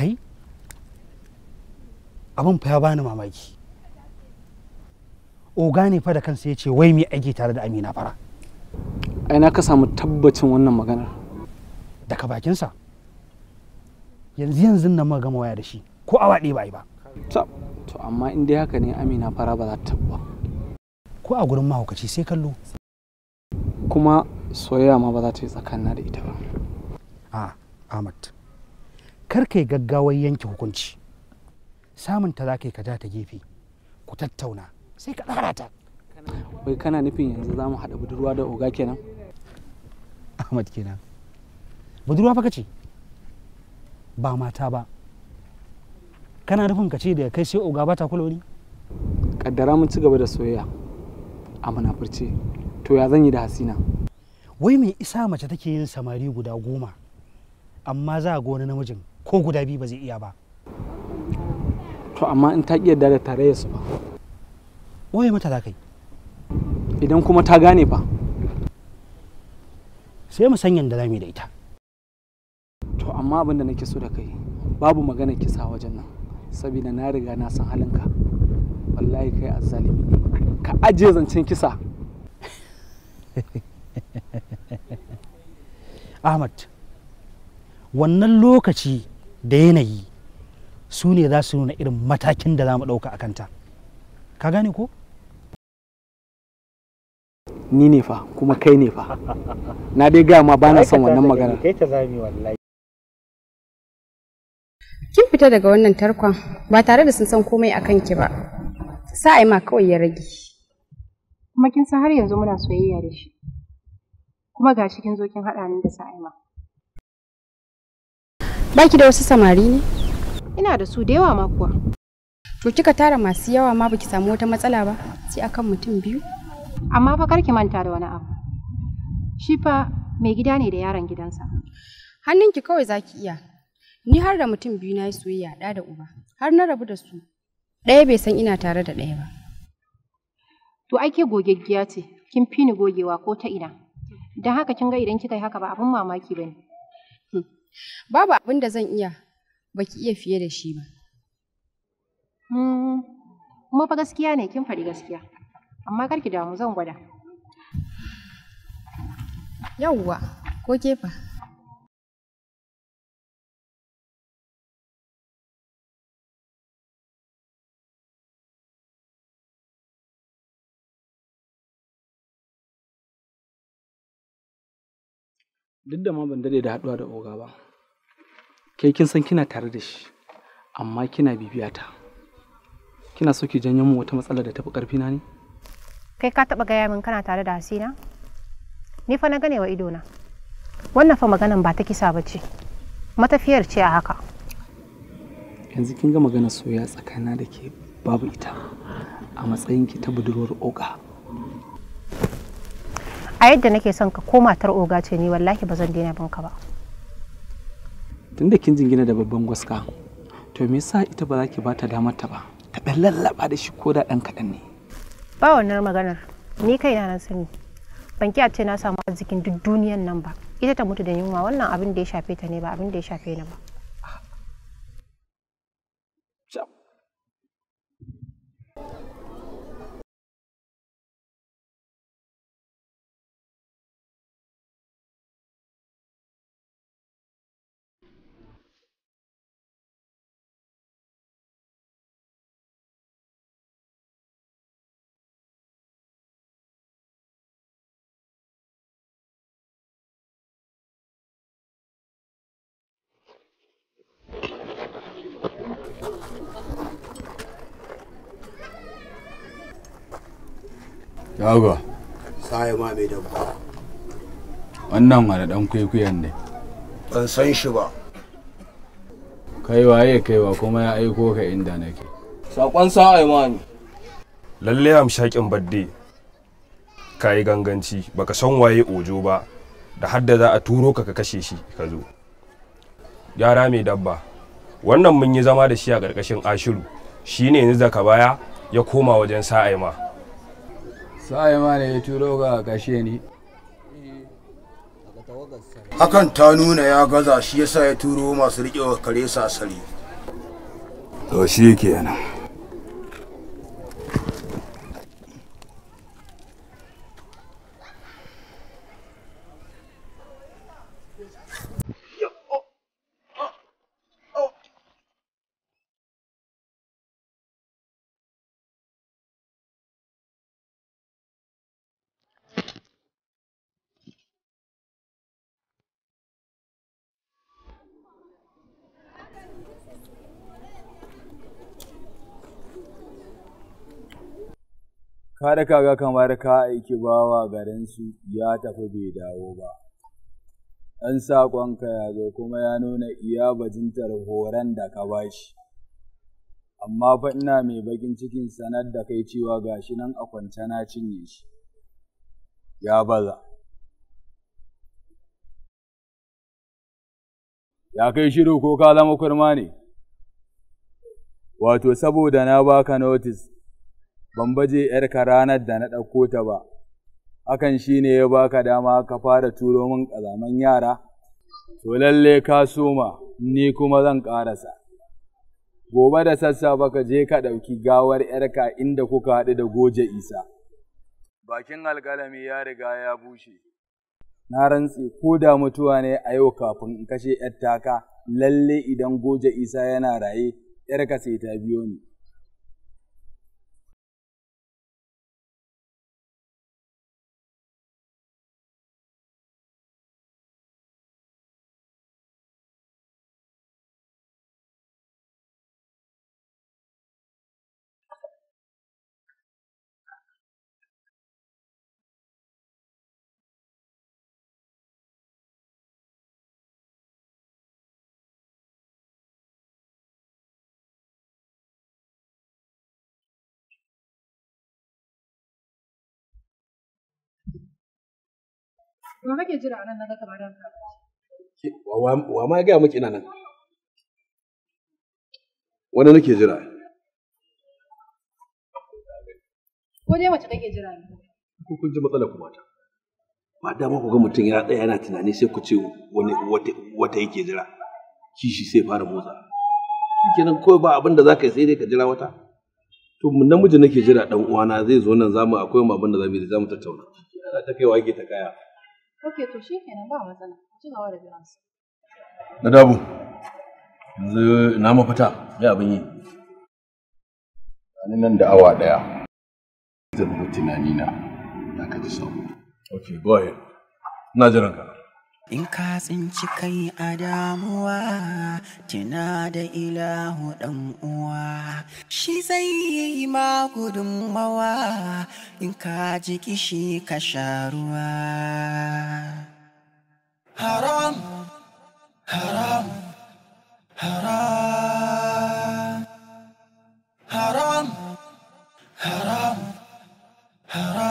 kai abin fa ya bani mamaki oga ne fa da kansa ya ce wai mai aiki tare da amina fara ai na ka samu tabbacin wannan maganar daga bakinsa yanzu yanzu na waya da shi ko awa ɗaya ba yi ba to amma in dai haka ne amina fara ba za ta tabba ko a gurin mahaukaci sai kallo kuma soyayya ma ba za ta yi tsakanina da ita ba a ah, ahmad kar kai gaggawar yanke hukunci samun ta za ka ka ta gefe ku tattauna sai ka ɗara ta wai kana nufin yanzu za mu haɗa budurwa da oga kenan ahmad kenan budurwa fa kace ba mata ba kana nufin ka ce da kai sai oga ba ta kula wani kaddara mun ci gaba da soyayya a munafurce to ya zan yi da hasina wai mai isa mace take yin samari guda goma amma za a gona namijin ko guda biyu ba zai iya ba to amma in ta iya da tare su ba waye mata za kai idan kuma ta gane fa sai mu san yadda zamu da ita to amma abin da nake so da kai babu magana kisa wajen nan saboda na riga na san ka, wallahi kai azzalimi ne ka ajiye zancen kisa ahmad wannan lokaci da yanayi su ne za su nuna irin matakin da za mu ɗauka a kanta ka gane ko ni ne fa kuma kai ne fa na dai gaya ma bana son wannan magana kin fita daga wannan tarkon ba tare da sun san komai akan ki ba sa'ai ma kawai ya rage kuma kin san har yanzu muna soyayya da shi kuma gashi kin zo kin haɗa ni da sa'ai ma Baki da wasu samari ne? Ina da su da yawa ma kuwa. To kika tara masu yawa ma baki samu wata matsala ba sai akan mutum biyu. Amma fa karki manta da wani abu. Shi fa mai gida ne da yaron gidansa. Hannunki kawai zaki iya. Ni har da mutum biyu na yi soyayya ɗa da uba. Har na rabu da su. Ɗaya bai san ina tare da ɗaya ba. To ake gogeggiya ce, kin fi ni gogewa ko ta ina. dan haka kin ga idan kika yi haka ba abin mamaki ba ne. babu abin da zan iya baki iya fiye da shi ba mm, kuma fa gaskiya ne kin faɗi gaskiya amma kar ki damu zan gwada yawwa ko kefa duk da ma ban dade da haɗuwa da oga ba kai kin san kina tare da shi amma kina bibiya ta kina so ki janyo mu wata matsala da tafi karfi na ne kai ka taba gaya min kana tare da hasina ni fa na gane wa ido na wannan fa maganan ba ta kisa ba ce matafiyar ce a haka yanzu kin ga maganar soyayya tsakanin da ke babu ita a matsayin ki ta budurwar oga a yadda nake son ka ko matar oga ce ni wallahi ba zan daina binka ba tun da kin jingina da babban gwaska to me yasa ita ba za ki ba ta damar ta ba ta dan lallaba da shi ko da dan kaɗan ne ba wannan maganar ni kai na sani ban kiya ce na samu arzikin duk duniyan nan ba ita ta mutu da yunwa wannan abin da ya shafe ta ne ba abin da ya shafe ni ba Yago. Sai ma mai dabba. Wannan wani dan kwaikwayon ne. Ban san shi ba. kai waye kaiwa kuma ya aiko ka inda nake sakon sa'a imani lalle amshakin badde ka yi ganganci baka san waye ojo ba da hadda za a turo ka ka kashe shi ka zo yara mai dabba wannan mun yi zama da shi a ƙarƙashin ashiru shi ne yanzu daga baya ya koma wajen sa'aima sa'aima ne ya turo ka kashe ni hakan ta nuna ya gaza shi yasa ya turo masu riƙewa kare sasari. to shi kenan kada ga kamar ka aiki bawa garinsu ya tafi bai dawo ba ɗan saƙonka ya zo kuma ya nuna iya bajintar horon da ka bashi amma fa ina mai bakin cikin sanar da kai cewa gashi nan a kwance na cinye shi ya baza ya kai shiru ko ka zama kurma ne wato saboda na baka notice ban baje ‘yarka ranar da na ɗauko ta ba, hakan shi ne ya baka dama ka fara turo min ƙazaman yara, to lalle ka soma ni kuma zan ƙarasa. Gobe da sassa ka je ka ɗauki gawar ‘yarka inda kuka haɗu da goje isa. Bakin alƙalami ya riga ya bushe, na rantse ko da mutuwa ne a yau kafin in kashe ‘yar taka, lalle idan goje isa yana raye, ‘yarka sai ta biyo ni. Wa kake jira a nan na ga kamar ranka? Wa ma gaya miki ina nan? Wani nake jira? Ko dai wace kake jira ne? Ko kun ji matsalar kuma ta? Ba dama ku ga mutum ya tsaya yana tunani sai ku ce wani wata yake jira. Kishi sai fara motsa. Shikenan kawai ba abin da za ka yi sai dai ka jira wata. To namiji nake jira dan uwana zai zo nan zamu akwai abin da za mu yi za mu tattauna. Ana ta kaiwa yake ta kaya. Okay, to shi ba matsala. Ci da Na dabu. Yanzu ina mafita ya abin yi. Ni nan da awa daya Zan Na ka ji go ahead. Ina jiran In ka tsinci kai a damuwa, tuna da ilahu ɗan uwa, shi zai yi ma gudunmawa, in ka ji kishi ka sha ruwa. Haram, haram, haram, haram, haram, haram.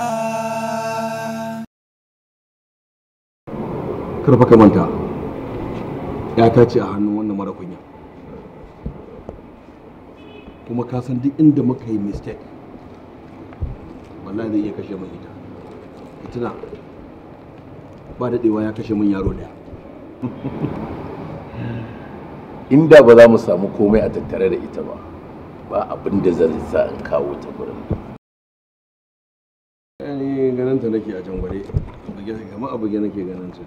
karfa ka manta ya ta ce a hannun wannan mara kunya kuma ka san duk inda muka yi mistake wallahi zai iya kashe mun ita tuna ba daɗewa ya kashe mun yaro daya inda ba za mu samu komai a tattare da ita ba ba abin da zan sa in kawo ta gurin ganin ta nake a can gware a buge nake ganin ta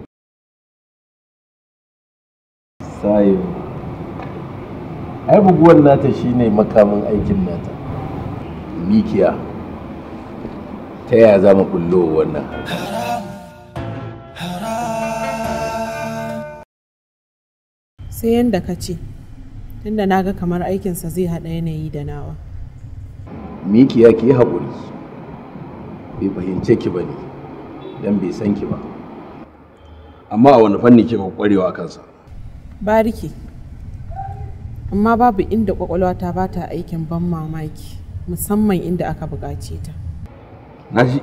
sayo ai buguwan nata shine makamin aikin nata mikiya ta yaya za mu bullo wannan sai yadda ka ce tunda na ga kamar aikinsa zai haɗa yanayi da nawa mikiya ki yi haƙuri bai fahimce ki ba ne don bai san ki ba amma a wani fanni ke kwarewa kansa bariki amma babu inda kwakwalwata ba ta aikin ban mamaki musamman inda aka buƙace ta na ji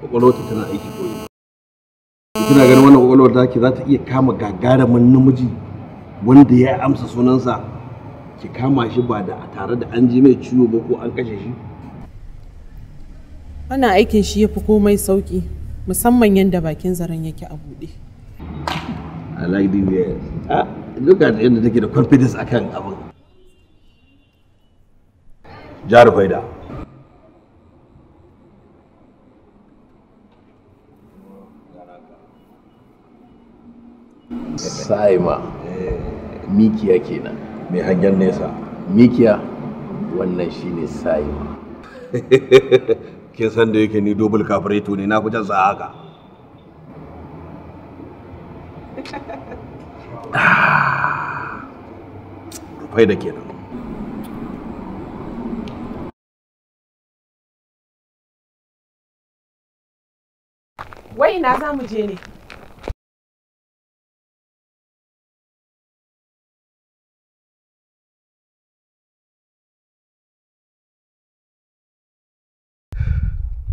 kwakwalwata tana aiki koyi kina ganin wannan kwakwalwar taki za ta iya kama gagarumin namiji wanda ya amsa sunansa ki kama shi ba da tare da an ji mai ciwo ba ko an kashe shi wannan aikin shi ya fi komai sauki musamman yadda bakin zaren yake a buɗe. I like this girl. Ah, look at yadda take da confidence akan abin. Jaru Faida. Saima. Eh, Mikiya kenan. Mai hangen nesa. Mikiya wannan shi shine Saima. Kin san da yake ni double carburetor ne na fi haka. Ah, rufai da kenan wai ina za mu je ne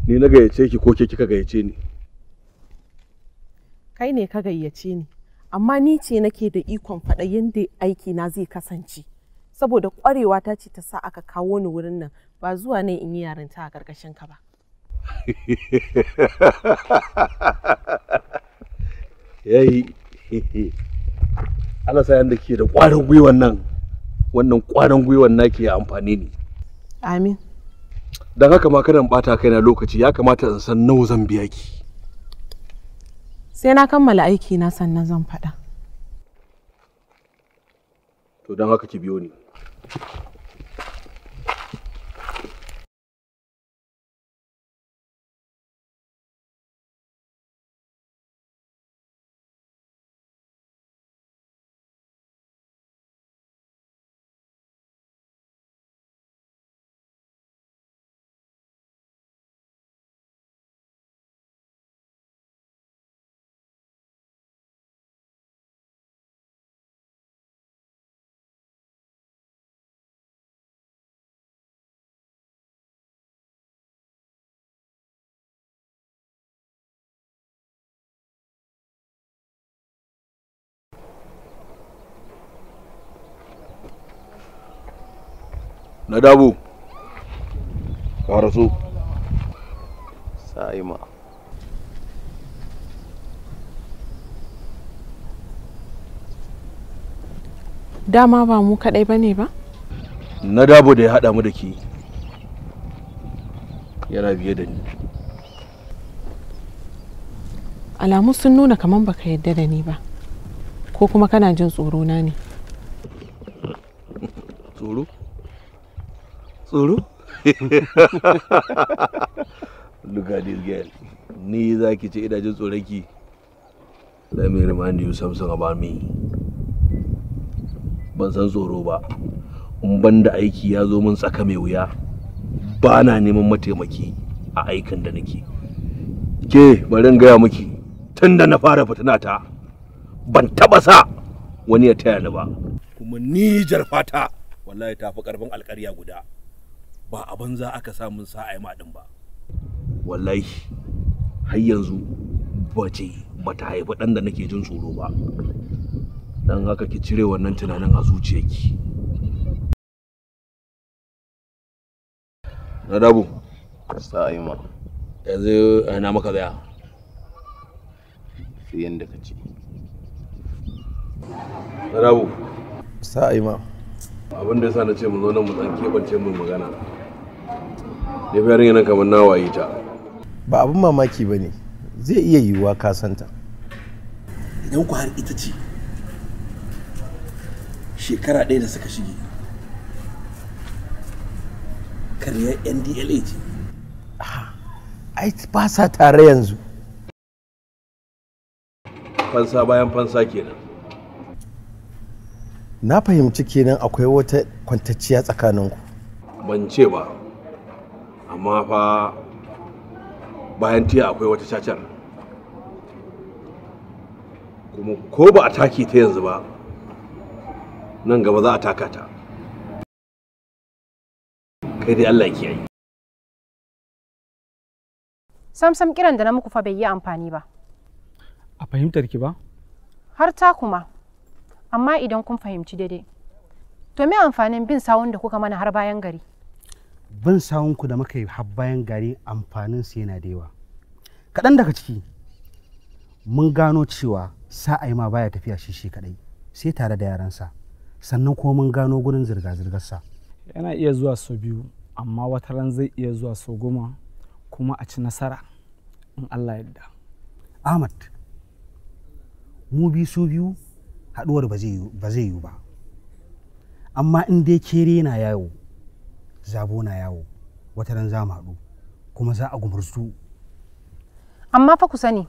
ni na gayyace ki ko ke kika gayyace ni kai ne ka gayyace ni amma ni ce nake da ikon faɗa yadda aiki na zai kasance saboda ƙwarewa ta ce ta sa aka kawo ni wurin nan ba zuwa nan in yi yarinta a ƙarƙashin ka ba yayi Allah sa yanda ke da ƙwarin gwiwan nan wannan ƙwarin gwiwan nake ya amfani ni amin don haka ma kada bata kaina lokaci ya kamata in san nawa zan biya ki sai na kammala aiki na sannan zan faɗa. To don haka ki biyo ni. na dabo ka raso sa'ima dama ba mu kadai bane ba na dabo da ya hada mu da ke yana biye da ni alamu sun nuna kamar baka yadda da ni ba ko kuma kana jin tsoro na ne tsoro look at this girl ni za ki ce ina tsoraki let me remind you something about me ban san tsoro ba in ban da aiki ya zo min tsaka mai wuya ba na neman mataimaki a aikin da nake ke bari in gaya miki tun da na fara fitina ta ban taba sa wani ya taya ni ba kuma ni jarfata wallahi tafi fi karfin alkarya guda ba a banza aka samun sa'a ma din ba wallahi har yanzu bace bata haifi ɗan da nake jin tsoro ba don haka ki cire wannan tunanin a zuciyarki na dabu sa'ima yanzu eh, na maka zaya fiye da kace. na dabu sa'ima abin da yasa na ce mu zo nan mu dan kebance mu magana ne fa yarinya nan kamar nawaye ta ba abin mamaki ba ne. zai iya yiwuwa ka santa idan ku har ita ce shekara ɗaya da suka shige karyar ndla ce ai ba sa tare yanzu fansa bayan fansa kenan na fahimci kenan akwai wata kwantacciya tsakaninku ban ce ba amma fa bayan tiya akwai wata cacar kuma ko ba a take ta yanzu ba nan gaba za a taka ta kai dai Allah ki yi samsam kiran da na muku fa bai yi amfani ba a fahimtar ki ba har ta kuma amma idan kun fahimci daidai to me amfanin bin sawun da kuka mana har bayan gari bin sawun ku da muka yi har bayan gari amfanin su yana da yawa kaɗan daga ciki mun gano cewa sa'ai ma baya tafiya shi shi kaɗai sai tare da yaran sa sannan kuma mun gano gurin zirga zirgar sa. yana iya zuwa sau biyu amma wata ran zai iya zuwa sau goma kuma a ci nasara in allah yadda ahmad mu bi su biyu haɗuwar ba zai yiwu ba amma in dai kere na yawo zabo na yawo wata ran za mu haɗu kuma za a gumurzu amma fa ku sani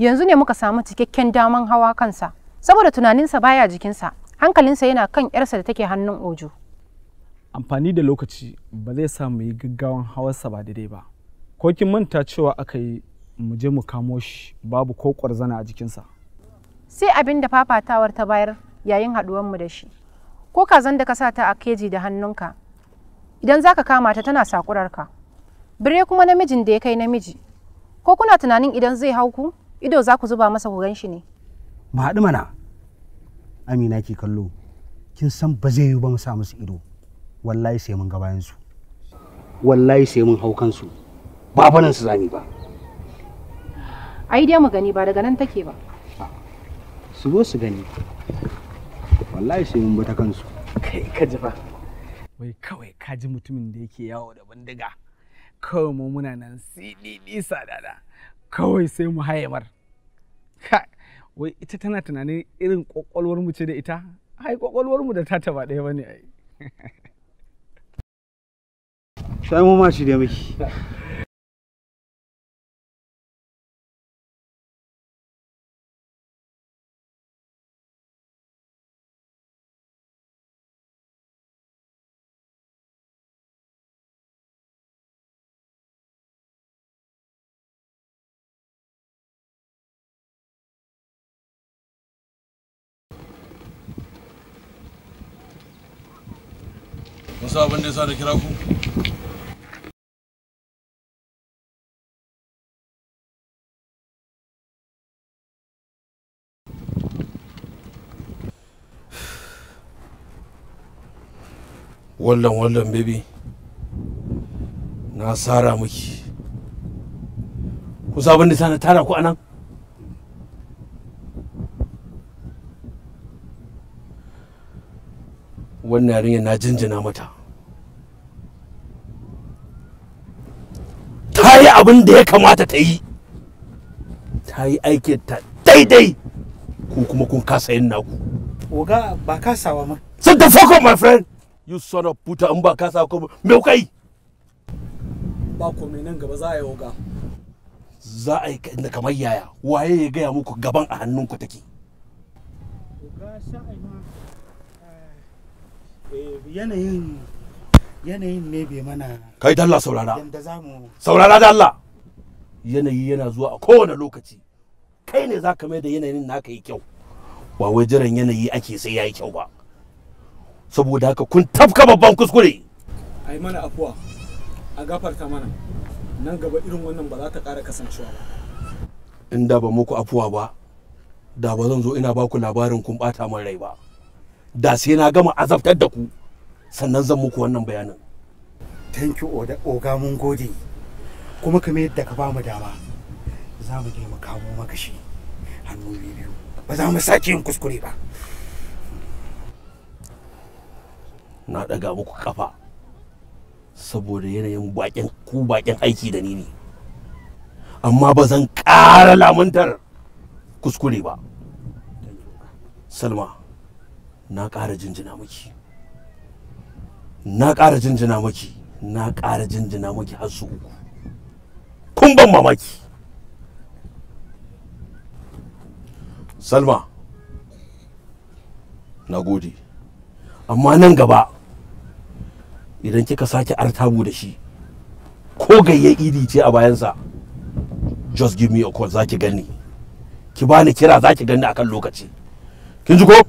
yanzu ne muka samu cikakken daman hawa kansa saboda tunaninsa baya jikinsa hankalinsa yana kan yarsa da take hannun ojo amfani da lokaci ba zai sa mu yi gaggawan hawarsa ba daidai ba ko kin manta cewa aka yi mu je mu kamo shi babu ko ƙwarzana a jikinsa sai abin da fafatawar ta bayar yayin haɗuwanmu da shi ko kazan da ka sa ta a keji da hannunka idan za ka kama ta tana sakurarka bire kuma namijin da ya kai namiji ko kuna tunanin idan zai hau ku ido za ku zuba masa ku gan shi ne mu haɗu mana amina ki kallo kin san ba zai yi ba mu sa musu ido wallahi sai mun gabayan su wallahi sai mun hau kansu ba banan su zani ba ai dai mu gani ba daga nan take ba su zo su gani wallahi sai mun bata kansu kai ka ji fa wai kawai ka ji mutumin da yake yawo da bindiga kawai mu muna nan sididi sadada kawai sai mu hayemar wai ita tana tunanin irin kwakwalwar mu ce da ita ai kwakwalwar mu da ta taba ɗaya bane ai sai mu ma shi da miki musa abin da ya sa da kira ku wallan wallan baby na sara miki ku abin da sa sana tara ku anan wannan yarinya na jinjina mata ta yi abin da ya kamata ta yi ta yi aikin ta daidai ku kuma kun kasa yin naku oga ba kasawa ma sit the fuck up my friend you son of puta in ba kasawa ko me kai ba me nan gaba za a yi oga za a yi kamar yaya waye ya gaya muku gaban a hannunku take oga sha'ani Eh, yanayin yanayin ne bai mana kai dalla saurara saurara dalla yanayi yana zuwa a kowane lokaci kai ne zaka mai da yanayin naka yi kyau ba wai jiran yanayi ake sai yayi kyau ba saboda haka kun tafka babban kuskure ai mana afuwa a gafarta mana nan gaba irin wannan ba za ta ƙara kasancewa ba in da ba muku afuwa ba da ba zan zo ina baku labarin kun bata min rai ba da sai na gama azabtar da ku sannan zan muku wannan bayanin thank you oga mun gode kuma kamar yadda ka ba mu dama za mu je mu maka shi hannu biyu ba za mu sake yin kuskure ba na daga muku kafa saboda yanayin bakin ku bakin aiki da ni ne amma ba zan ƙara lamuntar kuskure ba salma na ƙara jinjina maki na ƙara jinjina maki har su uku kun ban mamaki salma na gode amma nan gaba idan kika sake artabu da shi ko gayya idi ce a bayansa just give me a call za ki gani ki bani kira za ki gani akan lokaci kin ji ko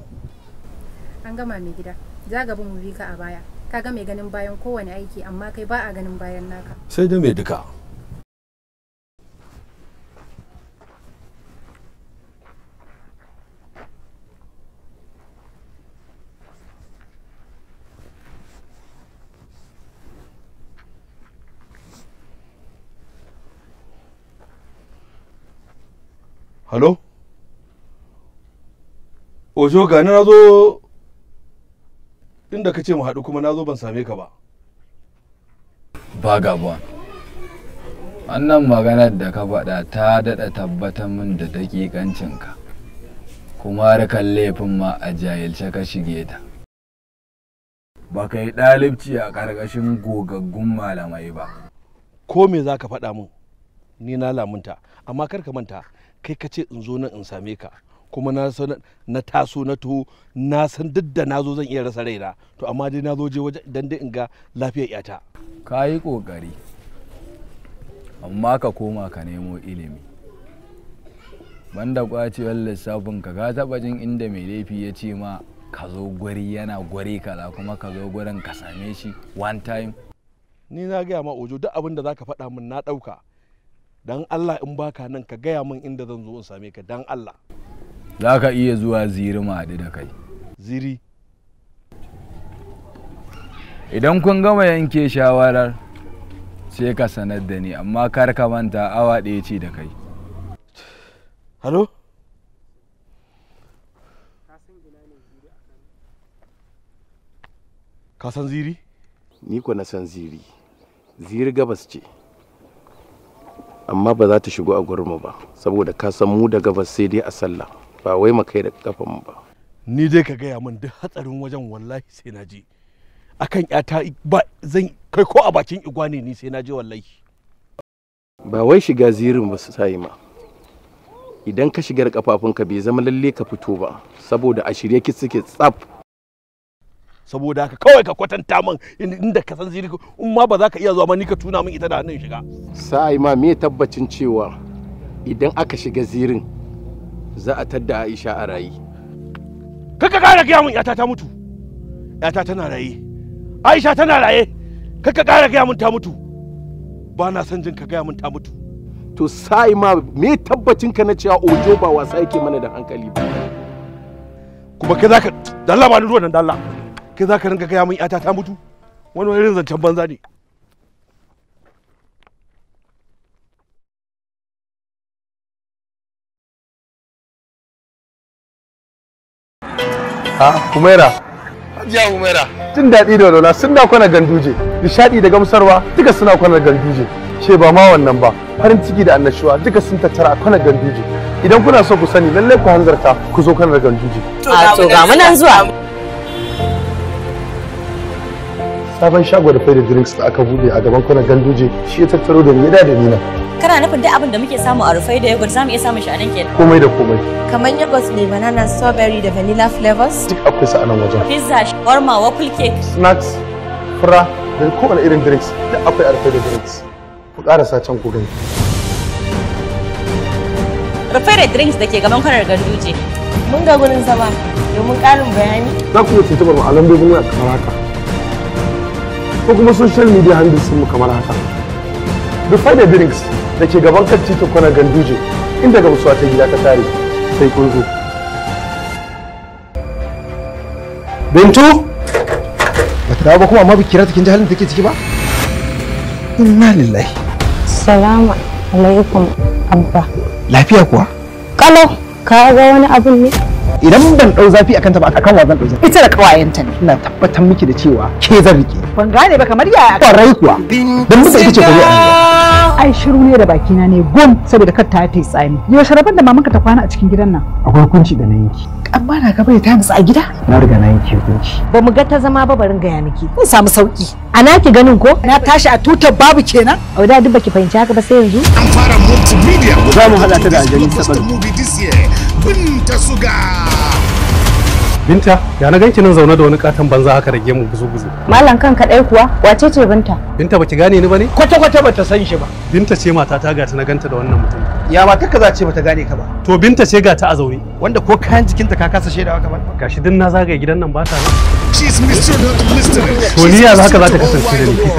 an gama mai gida za gaba mu bi ka a baya ka ga mai ganin bayan kowane aiki amma kai ba a ganin bayan naka sai da mai duka Halo? Ojo gani na zo inda ka ce mu haɗu kuma na zo ban same ka ba ba gabuwa wannan maganar da ka faɗa ta daɗa tabbatar min da daƙiƙancinka kuma harkar laifin ma a jahilce ka shige ta ba ka yi ɗalibci a ƙarƙashin gogaggun malamai ba ko me za ka faɗa min ni na lamunta amma kar ka manta kai ka ce in zo nan in same ka kuma na taso na tuho na san duk da na zo zan iya rasa raina to amma dai nazo je wajen dan dai in ga lafiyar yata ka yi kokari amma ka koma ka nemo ilimi banda kwacewar lissafin ka ka taba jin inda mai laifi ya ce ma ka zo gwari yana gwari kaza kuma ka zo gurin ka same shi one time ni na gaya ma ojo duk abin da zaka faɗa min na ɗauka dan Allah in baka nan ka gaya min inda zan zo in same ka dan Allah za ka iya zuwa ziri ma haɗu da kai ziri idan kun gama yanke shawarar sai ka sanar da ni amma kar ka manta awa ɗaya ce da kai halo ka san ziri ni ko na san ziri ziri gabas ce amma ba za ta shigo a gurmu ba saboda ka san mu da gabas sai dai a sallah ba wai mu kai da kafan mu ba ni dai ka gaya min duk hatsarin wajen wallahi sai na je akan yata ba zan kai ko a bakin igwane ni sai na je wallahi ba wai shiga zirin ba su sayi ma idan ka shigar kafafunka bai zama lalle ka fito ba saboda a shirye ki suke tsaf saboda haka kawai ka kwatanta min inda ka san ziri in ma ba za ka iya zuwa ma ni ka tuna min ita da hannun shiga sai ma me tabbacin cewa idan aka shiga zirin za a tadda Aisha a rayi kaka ka gaya mun yata ta mutu ta tana raye Aisha tana raye kaka ka gaya mun ta mutu ba na son jin ka gaya mun ta mutu to sai ma me tabbacin ka na cewa ojo ba wasa yake mana da hankali ba kuma kai zaka dalla ba ni ruwan dan dalla kai zaka ringa gaya mun yata ta mutu wani wani zancen banza ne Ha, humaira hajiya humaira jin daɗi da walwala sun da kwana ganduje nishaɗi da gamsarwa duka suna kwana ganduje ce ba ma wannan ba farin ciki da annashuwa duka sun tattara a kwana ganduje idan kuna so ku sani lallai ku hanzarta ku zo kwana ganduje a to ga nan zuwa sabon shago da faida drinks da aka bude a gaban kwanan ganduje shi ya tattaro da ni da ni nan kana nufin duk abin da muke samu a rufai da yogurt zamu iya samun shi a nan kenan komai da komai kamar yogurt ne, banana strawberry da vanilla flavors duk akwai su a nan wajen pizza shawarma waffle cake snacks fura da kowane irin drinks duk akwai a rufai da drinks ku karasa can ku gani rufai da drinks da ke gaban kwanan ganduje mun ga gurin zama domin karin bayani za ku iya tuntuɓar mu a lambobin waya kamar haka ko kuma social media handles mu kamar haka the fire drinks da ke gaban kan titin kwanar ganduje inda gamsuwa ta gida ta tare sai kun zo bintu ba ta dawo ba kuma amma bikira halin da take ciki ba inna lillahi salamu alaikum abba lafiya kuwa kalo ka ga wani abun ne idan ban dau zafi akan ta ba akan wa zan dau zafi ita da kawayenta ne ina tabbatar miki da cewa ke zan rike ban gane ba kamar yaya kwarai kuwa don muka ita ce kwarai ai shiru ne da bakina ne gom saboda kar ta ta tsami Yaushe sharaban da mamanka ta kwana a cikin gidan nan akwai hukunci da na yanki amma na gaba da ta musu a gida na riga na yanki hukunci ba mu ga ta zama ba barin gaya miki kun samu sauki a naki ganin ko na tashi a tutar babu kenan a da duk baki fahimci haka ba sai yanzu an fara multimedia za mu hada ta da aljani sabar binta suga Binta, ya na ganki nan zaune da wani katon banza haka da mu guzu-guzu. Malam kan kadai kuwa, wace ce Binta? Binta baki gane ni bane? Kwata kwata bata san shi ba. Binta ce mata ta gata na ganta da wannan mutum. Ya mata kaza ce bata gane ka ba. To Binta ce gata a zaune. Wanda ko kayan jikinta ka kasa shaidawa kamar. Gashi din na zagaye gidan nan ba ta nan. She's Mr. Not Listening. To ni ya haka za ta kasance da ni fi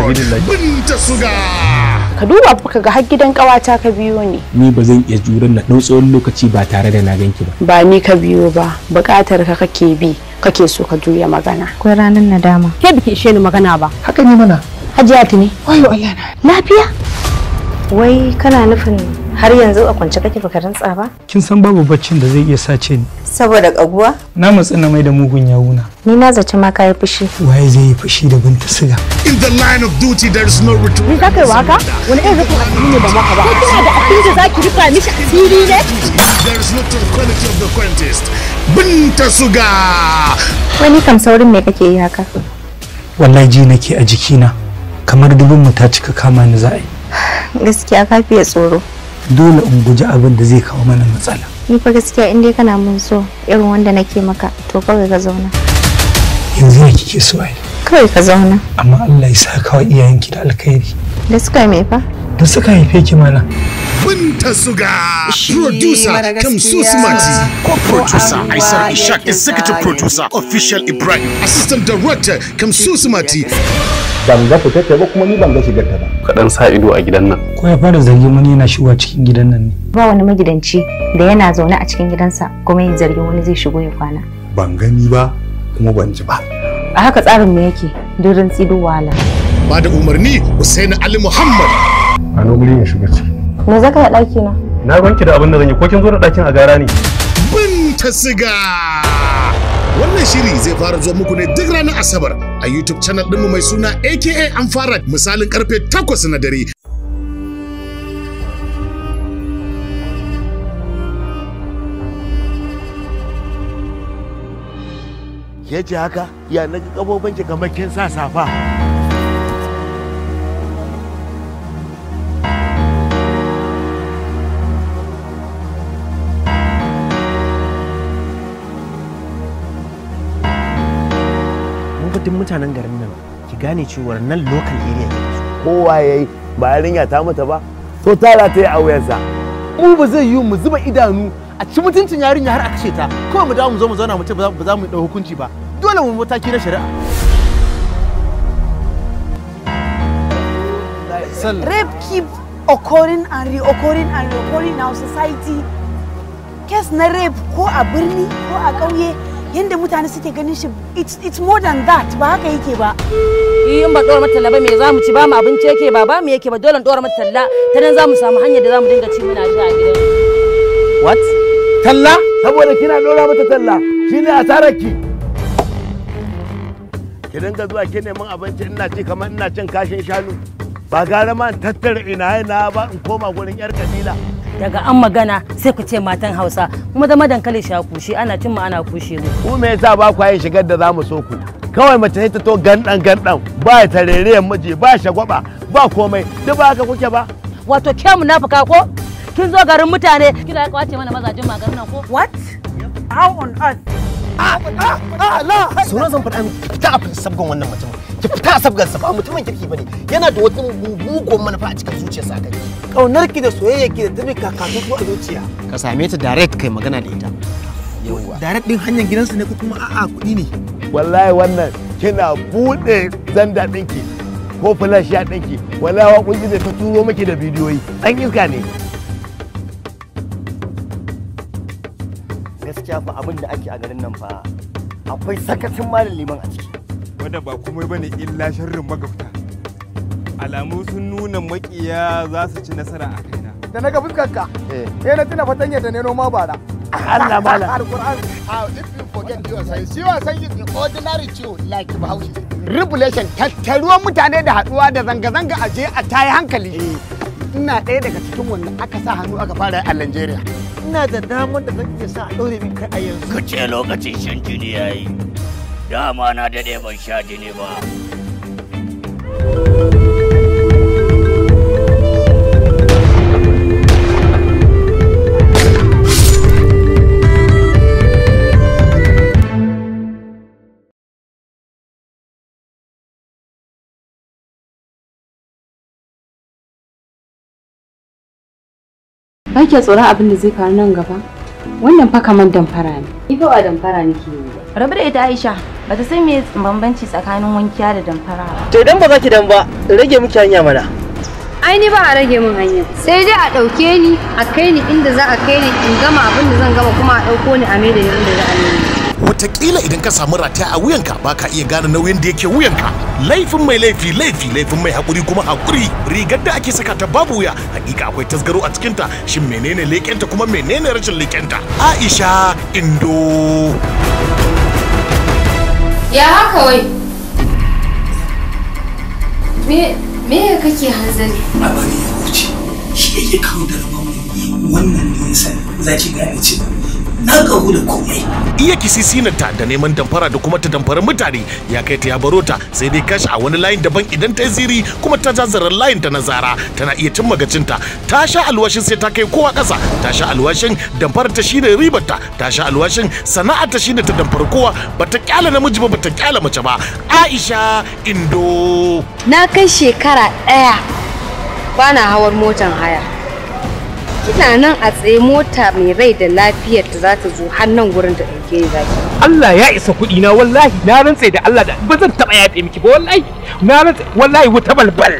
Binta Suga. ka duba ka ga har gidan kawata ka biyo ne ni ba zan iya juran na dau tsawon lokaci ba tare da na ganki ba ba ni ka biyo ba bukatar ka kake bi kake so ka juya magana ko ranar nadama ke biki ishe ni magana ba haka ne mana hajiya ne wayo Allah na lafiya Wai kana nufin har yanzu a kwance kake baka rantsa ba? Kin san babu baccin da zai iya sace ni. Saboda kaguwa? Na matsi na mai da mugun yawuna. Ni na zaci ma kai fushi. Waye zai yi fushi da binta siga? In the line of duty there is no return. Ni kake waka? Wani irin zaka asiri ne ba maka ba. Ko kina da asiri da zaki rufa mishi asiri ne? There is no tranquility of the contest. Binta suga. Wani kam saurin me kake yi haka? Wallahi ji nake a jikina. Kamar dubin mu ta cika kama ni za'a yi. gaskiya ka fiye tsoro dole in guji abin da zai kawo mana matsala ni fa gaskiya in dai kana mun so irin wanda nake maka to kawai ka zauna yanzu ne kike so ai kawai ka zauna amma Allah ya saka wa iyayenki da alkhairi da suka mai fa da suka haife ki mana Binta Suga, producer Kamsu Sumati, co-producer Aisar Ishak, executive producer Official Ibrahim, assistant director Kamsu Sumati. ban ga fitar ta ba kuma ni ban ga shigar ta ba kaɗan sa ido a gidan nan ko ya fara zargin wani yana shigowa cikin gidan nan ne ba wani magidanci da yana zaune a cikin gidansa kuma yin zargin wani zai shigo ya kwana ban gani ba kuma ban ji ba a haka tsarin mu yake durin tsido wala ba da umarni Hussein Ali Muhammad a nan ya shiga ciki me zaka ya ɗaki na na ganki da abin da zan yi ko kin zo da ɗakin a gara ne Binta siga! Wannan shiri zai fara zo muku ne duk ranar Asabar a YouTube channel ɗinmu mai suna AKA fara misalin karfe takwas na dare. Ya ce haka? Ya na kafofin ki kamar kin sa safa. bi duk mutanen garin nan ki gane cewar nan local area ne kowa yayi ba yarinya ta mata ba to tara ta yi a wayarsa mu ba zai yi mu zuba idanu a ci mutuncin yarinya har a kashe ta kuma mu dawo mu zo mu zauna mu ce ba za mu dau hukunci ba dole mu mataki na shari'a rape keep occurring and reoccurring and reoccurring now society case na rape ko a birni ko a ƙauye yanda mutane suke ganin shi it's more than that ba haka yake ba in ba dora mata ba me mu ci ba mu abinci yake ba ba mu yake ba dole dora mata talla ta nan mu samu hanyar da za mu dinga ci muna ji a gidan what talla saboda kina dora mata talla shine a ki ki dinga zuwa ki neman abinci ina ci kamar ina cin kashin shanu ba gara ma tattara ina ina ba in koma gurin yar kabila daga an magana sai ku ce matan hausa kuma zama dankalin sha kushe ana cin ma ana kushe ne ku me yasa ba ku yin shigar da mu so ku kawai mace ta to gandan gandan ba rereyen miji ba shagwaba ba komai duk ba haka kuke ba wato ke munafuka ko kin zo garin mutane kina kwace mana mazajin magarin nan ko what how on earth Sunan zan faɗa miki fita a sabgon wannan mutumin. Ki fita a sabgon sa ba mutumin kirki bane. Yana da wata mugun manufa a cikin zuciyarsa kai. Kaunar ki da soyayya ki da tabi kakatu ko a zuciya. Ka same ta direct kai magana da ita. Yawwa. Direct din hanyar gidan ne ko kuma a'a kuɗi ne. Wallahi wannan kina buɗe zanda dinki ko flash ya ɗinki wallahi wa kunji da ta turo miki da bidiyoyi. Ɗan iska ne. gaskiya fa abin da ake a garin nan fa akwai sakacin malam liman a ciki wanda ba komai bane illa sharrin magabta alamu sun nuna makiya za su ci nasara a kaina da na ga fuskarka eh. eh na tuna fatanya da ne noma bara Allah malam alquran ah, if you forget your science you are saying the ordinary chew like bahaushe revelation tattaruwan mutane da haduwa da zanga-zanga a je a tayi hankali eh. ina ɗaya daga cikin wannan aka sa hannu aka fara a Najeriya ina da damar da zan iya sa a ɗaure min kai a yanzu. Ka ce lokacin shan jini ya yi. Dama na daɗe ban sha jini ba. kake tsoron abin da zai faru nan gaba? Wannan fa kamar damfara ne. Ni fa ba damfara nake yi ba. Rabu da ita Aisha, ba ta san me bambanci tsakanin wankiya da damfara ba. To idan ba za ki dan ba, rage miki hanya mana. Ai ni ba a rage min hanya. Sai dai a ɗauke ni, a kai ni inda za a kai ni, in gama abin da zan gama kuma a ɗauko ni a maida ni inda za a maida. watakila idan ka samu rataya a wuyanka ba ka iya gane nauyin da yake wuyanka laifin mai laifi laifi laifin mai hakuri kuma hakuri rigar da ake saka ta babu wuya hakika akwai tasgaro a cikinta shin menene leƙenta kuma menene rashin leƙenta aisha indo ya haka wai me me kake hanzari abani ya wuce shi yake kawo da rabon wannan ne yasa za ki gane cewa na gahu da komai iya kisisinarta da neman damfara da kuma ta damfarar mutane ya kai ta ya baro ta sai dai kashi a wani layin daban idan ta ziri kuma ta zazzara layin ta na zara tana iya cin magacinta ta sha alwashin sai ta kai kowa ƙasa ta sha alwashin damfarar ta shine ribar ta ta sha alwashin sana'a ta shine ta damfar kowa bata kyala namiji ba bata kyala mace ba Aisha Indo na kai shekara ɗaya bana hawar motan haya kina nan a tsaye mota mai rai da lafiyar da za ta zo har wurin gurin da ɗauke ni zaki. Allah ya isa kuɗi na wallahi na rantsa da Allah da ba zan taɓa yaɗe miki ba wallahi na rantsa wallahi wuta balbal.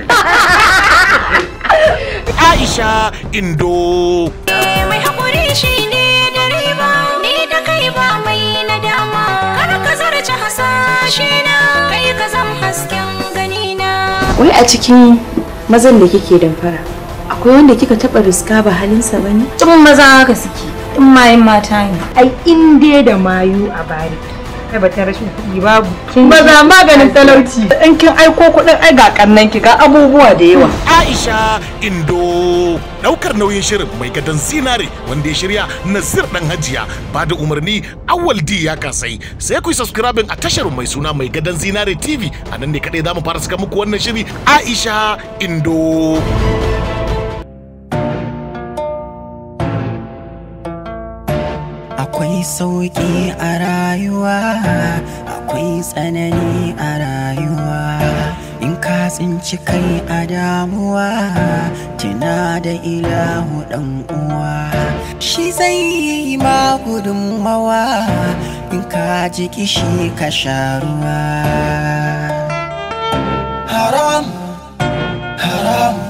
Aisha Indo. Eh, da riba ni da kai ba mai nadama kar ka zarce hasashe na kai ka hasken na Wai a cikin mazan da kike damfara. akwai wanda kika taba riska ba halinsa bane tun maza haka suke in mayin mata ne ai in dai da mayu a bari ba ta rashin kuɗi babu za maganin talauci in kin aiko kuɗin ai ga kannan ki ga abubuwa da yawa Aisha Indo daukar nauyin shirin mai gadon zinare wanda ya shirya Nasir dan Hajiya ba da umarni Awal di ya kasai sai ku subscribe a tashar mai suna mai gadon zinare TV a nan ne kadai zamu fara saka muku wannan shiri Aisha Indo Sauki a rayuwa akwai tsanani a rayuwa in ka tsinci kai a damuwa tina da ilahu ɗan uwa shi zai yi ma gudunmawa in ka ji kishi ka sha ruwa haram haram